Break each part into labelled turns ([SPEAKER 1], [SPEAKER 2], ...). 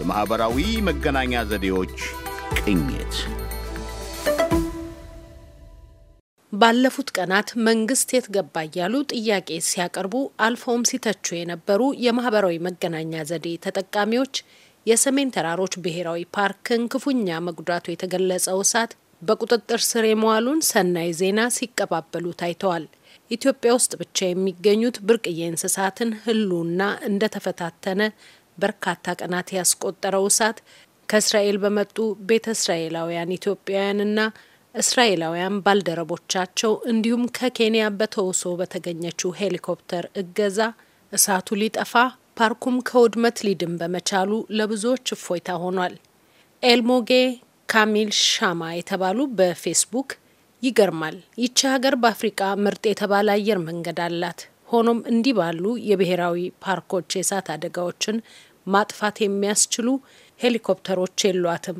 [SPEAKER 1] የማኅበራዊ መገናኛ ዘዴዎች ቅኝት ባለፉት ቀናት መንግስት የት ገባ እያሉ ጥያቄ ሲያቀርቡ አልፎም ሲተቹ የነበሩ የማኅበራዊ መገናኛ ዘዴ ተጠቃሚዎች የሰሜን ተራሮች ብሔራዊ ፓርክን ክፉኛ መጉዳቱ የተገለጸው እሳት በቁጥጥር ስር የመዋሉን ሰናይ ዜና ሲቀባበሉ ታይተዋል። ኢትዮጵያ ውስጥ ብቻ የሚገኙት ብርቅዬ እንስሳትን ህልውና እንደተፈታተነ በርካታ ቀናት ያስቆጠረው እሳት ከእስራኤል በመጡ ቤተ እስራኤላውያን ኢትዮጵያውያንና እስራኤላውያን ባልደረቦቻቸው እንዲሁም ከኬንያ በተውሶ በተገኘችው ሄሊኮፕተር እገዛ እሳቱ ሊጠፋ ፓርኩም ከውድመት ሊድን በመቻሉ ለብዙዎች እፎይታ ሆኗል። ኤልሞጌ ካሚል ሻማ የተባሉ በፌስቡክ ይገርማል፣ ይቺ ሀገር በአፍሪቃ ምርጥ የተባለ አየር መንገድ አላት። ሆኖም እንዲህ ባሉ የብሔራዊ ፓርኮች የእሳት አደጋዎችን ማጥፋት የሚያስችሉ ሄሊኮፕተሮች የሏትም፣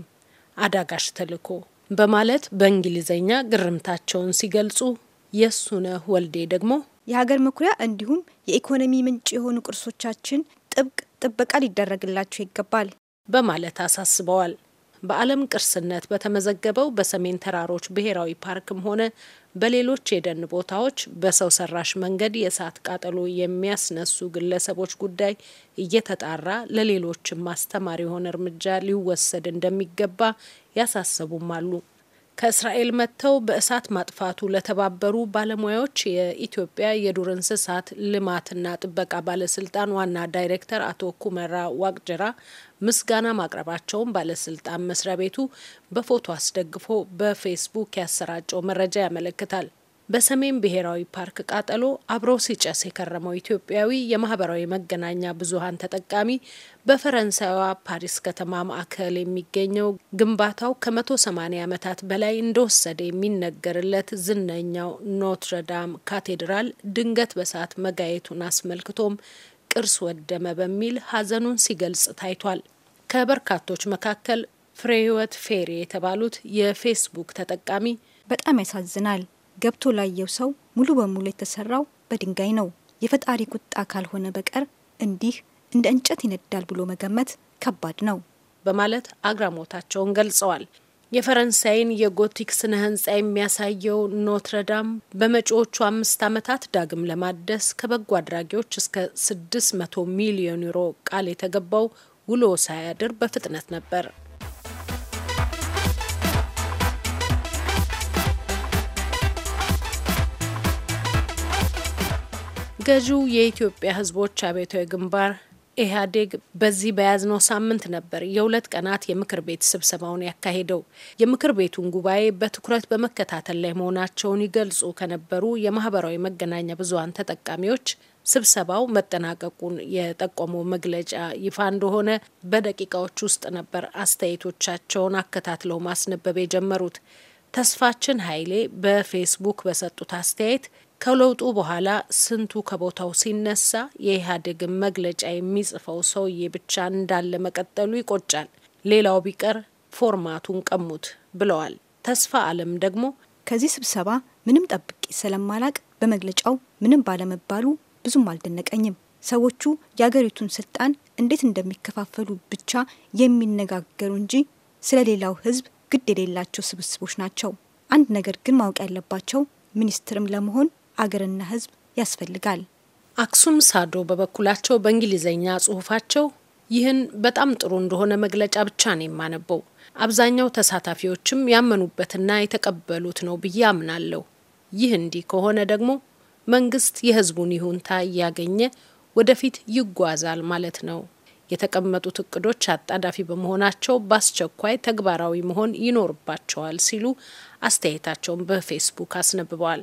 [SPEAKER 1] አዳጋሽ ተልዕኮ በማለት በእንግሊዝኛ ግርምታቸውን ሲገልጹ
[SPEAKER 2] የሱነህ ወልዴ ደግሞ የሀገር መኩሪያ እንዲሁም የኢኮኖሚ ምንጭ የሆኑ ቅርሶቻችን ጥብቅ ጥበቃ ሊደረግላቸው ይገባል በማለት አሳስበዋል። በዓለም
[SPEAKER 1] ቅርስነት በተመዘገበው በሰሜን ተራሮች ብሔራዊ ፓርክም ሆነ በሌሎች የደን ቦታዎች በሰው ሰራሽ መንገድ የእሳት ቃጠሎ የሚያስነሱ ግለሰቦች ጉዳይ እየተጣራ ለሌሎችም አስተማሪ የሆነ እርምጃ ሊወሰድ እንደሚገባ ያሳሰቡም አሉ። ከእስራኤል መጥተው በእሳት ማጥፋቱ ለተባበሩ ባለሙያዎች የኢትዮጵያ የዱር እንስሳት ልማትና ጥበቃ ባለስልጣን ዋና ዳይሬክተር አቶ ኩመራ ዋቅጅራ ምስጋና ማቅረባቸውን ባለስልጣን መስሪያ ቤቱ በፎቶ አስደግፎ በፌስቡክ ያሰራጨው መረጃ ያመለክታል። በሰሜን ብሔራዊ ፓርክ ቃጠሎ አብሮ ሲጨስ የከረመው ኢትዮጵያዊ የማህበራዊ መገናኛ ብዙሃን ተጠቃሚ በፈረንሳይዋ ፓሪስ ከተማ ማዕከል የሚገኘው ግንባታው ከ180 ዓመታት በላይ እንደወሰደ የሚነገርለት ዝነኛው ኖትረዳም ካቴድራል ድንገት በሰዓት መጋየቱን አስመልክቶም ቅርስ ወደመ በሚል ሀዘኑን ሲገልጽ ታይቷል። ከበርካቶች መካከል ፍሬህይወት ፌሬ
[SPEAKER 2] የተባሉት የፌስቡክ ተጠቃሚ በጣም ያሳዝናል ገብቶ ላየው ሰው ሙሉ በሙሉ የተሰራው በድንጋይ ነው። የፈጣሪ ቁጣ ካልሆነ በቀር እንዲህ እንደ እንጨት ይነዳል ብሎ መገመት ከባድ ነው
[SPEAKER 1] በማለት አግራሞታቸውን ገልጸዋል። የፈረንሳይን የጎቲክ ስነ ህንፃ የሚያሳየው ኖትረዳም በመጪዎቹ አምስት ዓመታት ዳግም ለማደስ ከበጎ አድራጊዎች እስከ ስድስት መቶ ሚሊዮን ዩሮ ቃል የተገባው ውሎ ሳያድር በፍጥነት ነበር። ገዢው የኢትዮጵያ ህዝቦች አብዮታዊ ግንባር ኢህአዴግ በዚህ በያዝነው ሳምንት ነበር የሁለት ቀናት የምክር ቤት ስብሰባውን ያካሄደው። የምክር ቤቱን ጉባኤ በትኩረት በመከታተል ላይ መሆናቸውን ይገልጹ ከነበሩ የማህበራዊ መገናኛ ብዙሀን ተጠቃሚዎች ስብሰባው መጠናቀቁን የጠቆመው መግለጫ ይፋ እንደሆነ በደቂቃዎች ውስጥ ነበር አስተያየቶቻቸውን አከታትለው ማስነበብ የጀመሩት። ተስፋችን ኃይሌ በፌስቡክ በሰጡት አስተያየት ከለውጡ በኋላ ስንቱ ከቦታው ሲነሳ የኢህአዴግን መግለጫ የሚጽፈው ሰውዬ ብቻ እንዳለ መቀጠሉ ይቆጫል። ሌላው ቢቀር ፎርማቱን
[SPEAKER 2] ቀሙት ብለዋል። ተስፋ አለም ደግሞ ከዚህ ስብሰባ ምንም ጠብቄ ስለማላቅ በመግለጫው ምንም ባለመባሉ ብዙም አልደነቀኝም። ሰዎቹ የአገሪቱን ስልጣን እንዴት እንደሚከፋፈሉ ብቻ የሚነጋገሩ እንጂ ስለ ሌላው ህዝብ ግድ የሌላቸው ስብስቦች ናቸው። አንድ ነገር ግን ማወቅ ያለባቸው ሚኒስትርም ለመሆን አገርና ህዝብ ያስፈልጋል። አክሱም ሳዶ በበኩላቸው በእንግሊዝኛ
[SPEAKER 1] ጽሁፋቸው ይህን በጣም ጥሩ እንደሆነ መግለጫ ብቻ ነው የማነበው። አብዛኛው ተሳታፊዎችም ያመኑበትና የተቀበሉት ነው ብዬ አምናለሁ። ይህ እንዲህ ከሆነ ደግሞ መንግስት የህዝቡን ይሁንታ እያገኘ ወደፊት ይጓዛል ማለት ነው። የተቀመጡት እቅዶች አጣዳፊ በመሆናቸው በአስቸኳይ ተግባራዊ መሆን ይኖርባቸዋል ሲሉ አስተያየታቸውን በፌስቡክ አስነብበዋል።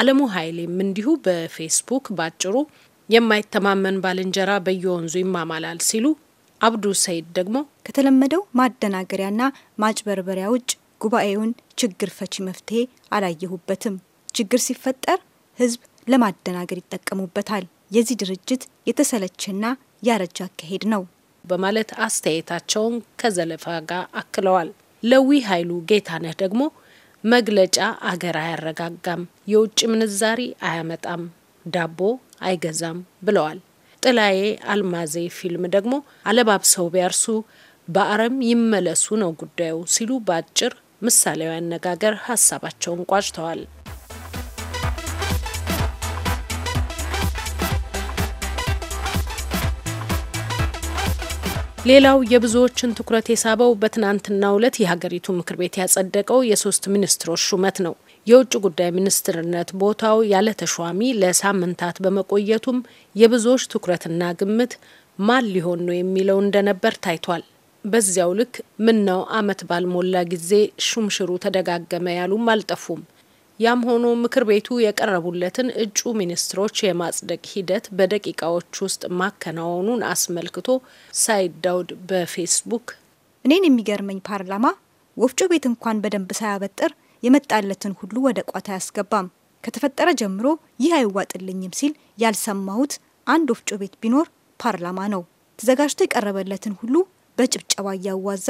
[SPEAKER 1] አለሙ ኃይሌም እንዲሁ በፌስቡክ ባጭሩ የማይተማመን ባልንጀራ በየወንዙ
[SPEAKER 2] ይማማላል ሲሉ፣ አብዱ ሰይድ ደግሞ ከተለመደው ማደናገሪያና ማጭበርበሪያ ውጭ ጉባኤውን ችግር ፈቺ መፍትሄ አላየሁበትም። ችግር ሲፈጠር ህዝብ ለማደናገር ይጠቀሙበታል። የዚህ ድርጅት የተሰለቸና ያረጀ አካሄድ ነው
[SPEAKER 1] በማለት አስተያየታቸውን ከዘለፋ ጋር አክለዋል። ለዊ ኃይሉ ጌታነህ ደግሞ መግለጫ አገር አያረጋጋም፣ የውጭ ምንዛሪ አያመጣም፣ ዳቦ አይገዛም ብለዋል። ጥላዬ አልማዜ ፊልም ደግሞ አለባብሰው ቢያርሱ በአረም ይመለሱ ነው ጉዳዩ ሲሉ በአጭር ምሳሌያዊ አነጋገር ሀሳባቸውን ቋጭተዋል። ሌላው የብዙዎችን ትኩረት የሳበው በትናንትናው ዕለት የሀገሪቱ ምክር ቤት ያጸደቀው የሶስት ሚኒስትሮች ሹመት ነው። የውጭ ጉዳይ ሚኒስትርነት ቦታው ያለ ተሿሚ ለሳምንታት በመቆየቱም የብዙዎች ትኩረትና ግምት ማን ሊሆን ነው የሚለው እንደነበር ታይቷል። በዚያው ልክ ምነው አመት ዓመት ባልሞላ ጊዜ ሹምሽሩ ተደጋገመ ያሉም አልጠፉም። ያም ሆኖ ምክር ቤቱ የቀረቡለትን እጩ ሚኒስትሮች የማጽደቅ ሂደት በደቂቃዎች ውስጥ ማከናወኑን
[SPEAKER 2] አስመልክቶ ሳይድ ዳውድ በፌስቡክ እኔን የሚገርመኝ ፓርላማ ወፍጮ ቤት እንኳን በደንብ ሳያበጥር የመጣለትን ሁሉ ወደ ቋት አያስገባም። ከተፈጠረ ጀምሮ ይህ አይዋጥልኝም ሲል ያልሰማሁት አንድ ወፍጮ ቤት ቢኖር ፓርላማ ነው። ተዘጋጅቶ የቀረበለትን ሁሉ በጭብጨባ እያዋዛ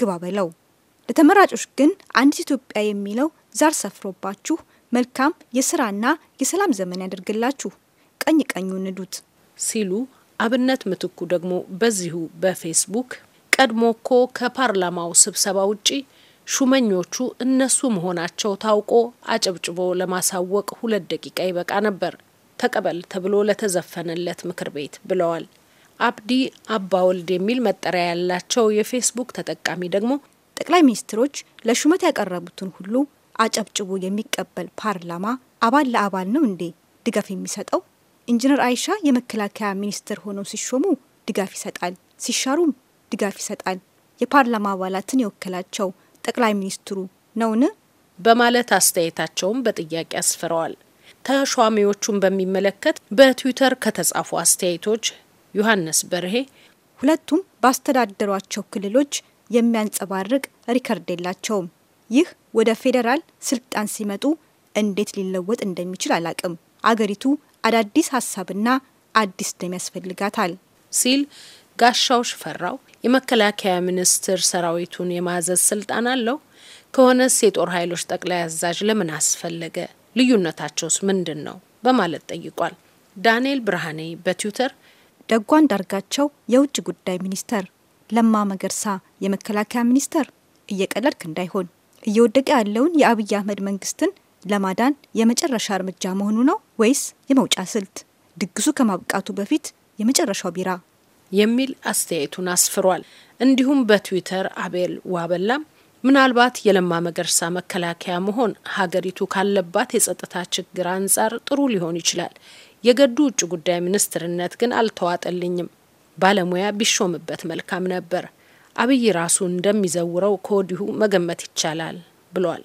[SPEAKER 2] ግባ በለው። ለተመራጮች ግን አንዲት ኢትዮጵያ የሚለው ዛር ሰፍሮባችሁ መልካም የስራና የሰላም ዘመን ያደርግላችሁ። ቀኝ ቀኙ ንዱት ሲሉ አብነት
[SPEAKER 1] ምትኩ ደግሞ በዚሁ በፌስቡክ ቀድሞ እኮ ከፓርላማው ስብሰባ ውጪ ሹመኞቹ እነሱ መሆናቸው ታውቆ አጨብጭቦ ለማሳወቅ ሁለት ደቂቃ ይበቃ ነበር ተቀበል ተብሎ ለተዘፈነለት ምክር ቤት ብለዋል።
[SPEAKER 2] አብዲ አባወልድ የሚል መጠሪያ ያላቸው የፌስቡክ ተጠቃሚ ደግሞ ጠቅላይ ሚኒስትሮች ለሹመት ያቀረቡትን ሁሉ አጨብጭቦ የሚቀበል ፓርላማ አባል ለአባል ነው እንዴ ድጋፍ የሚሰጠው? ኢንጂነር አይሻ የመከላከያ ሚኒስትር ሆነው ሲሾሙ ድጋፍ ይሰጣል፣ ሲሻሩም ድጋፍ ይሰጣል። የፓርላማ አባላትን የወከላቸው ጠቅላይ ሚኒስትሩ ነውን?
[SPEAKER 1] በማለት አስተያየታቸውን በጥያቄ አስፍረዋል። ተሿሚዎቹን በሚመለከት በትዊተር ከተጻፉ አስተያየቶች ዮሐንስ
[SPEAKER 2] በርሄ ሁለቱም ባስተዳደሯቸው ክልሎች የሚያንጸባርቅ ሪከርድ የላቸውም ይህ ወደ ፌዴራል ስልጣን ሲመጡ እንዴት ሊለወጥ እንደሚችል አላቅም። አገሪቱ አዳዲስ ሀሳብና አዲስ ደም ያስፈልጋታል
[SPEAKER 1] ሲል ጋሻው ሽፈራው የመከላከያ ሚኒስቴር ሰራዊቱን የማዘዝ ስልጣን አለው ከሆነስ የጦር ኃይሎች ጠቅላይ አዛዥ ለምን አስፈለገ? ልዩነታቸውስ
[SPEAKER 2] ምንድን ነው? በማለት ጠይቋል። ዳንኤል ብርሃኔ በትዊተር ደጓ አንዳርጋቸው የውጭ ጉዳይ ሚኒስተር፣ ለማ መገርሳ የመከላከያ ሚኒስተር፣ እየቀለድክ እንዳይሆን እየወደቀ ያለውን የአብይ አህመድ መንግስትን ለማዳን የመጨረሻ እርምጃ መሆኑ ነው ወይስ የመውጫ ስልት? ድግሱ ከማብቃቱ በፊት የመጨረሻው ቢራ የሚል አስተያየቱን አስፍሯል። እንዲሁም በትዊተር አቤል ዋበላም
[SPEAKER 1] ምናልባት የለማ መገርሳ መከላከያ መሆን ሀገሪቱ ካለባት የጸጥታ ችግር አንጻር ጥሩ ሊሆን ይችላል። የገዱ ውጭ ጉዳይ ሚኒስትርነት ግን አልተዋጠልኝም። ባለሙያ ቢሾምበት መልካም ነበር። አብይ ራሱ እንደሚዘውረው ከወዲሁ መገመት ይቻላል ብሏል።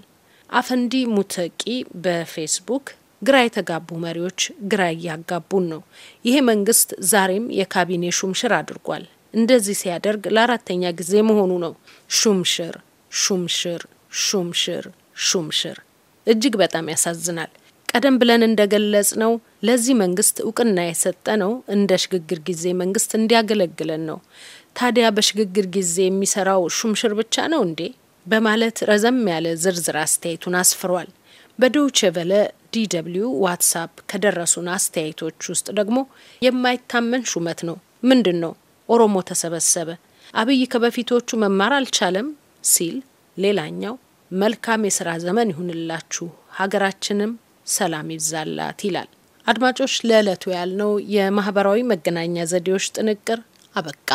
[SPEAKER 1] አፈንዲ ሙተቂ በፌስቡክ ግራ የተጋቡ መሪዎች ግራ እያጋቡን ነው። ይሄ መንግስት ዛሬም የካቢኔ ሹምሽር አድርጓል። እንደዚህ ሲያደርግ ለአራተኛ ጊዜ መሆኑ ነው። ሹምሽር ሹምሽር ሹምሽር ሹምሽር እጅግ በጣም ያሳዝናል። ቀደም ብለን እንደገለጽ ነው ለዚህ መንግስት እውቅና የሰጠ ነው እንደ ሽግግር ጊዜ መንግስት እንዲያገለግለን ነው። ታዲያ በሽግግር ጊዜ የሚሰራው ሹምሽር ብቻ ነው እንዴ? በማለት ረዘም ያለ ዝርዝር አስተያየቱን አስፍሯል። በዶች ቬለ ዲደብልዩ ዋትሳፕ ከደረሱን አስተያየቶች ውስጥ ደግሞ የማይታመን ሹመት ነው። ምንድን ነው ኦሮሞ ተሰበሰበ፣ አብይ ከበፊቶቹ መማር አልቻለም ሲል ሌላኛው መልካም የስራ ዘመን ይሁንላችሁ ሀገራችንም ሰላም ይብዛላት ይላል። አድማጮች፣ ለዕለቱ ያልነው የማህበራዊ መገናኛ ዘዴዎች ጥንቅር አበቃ።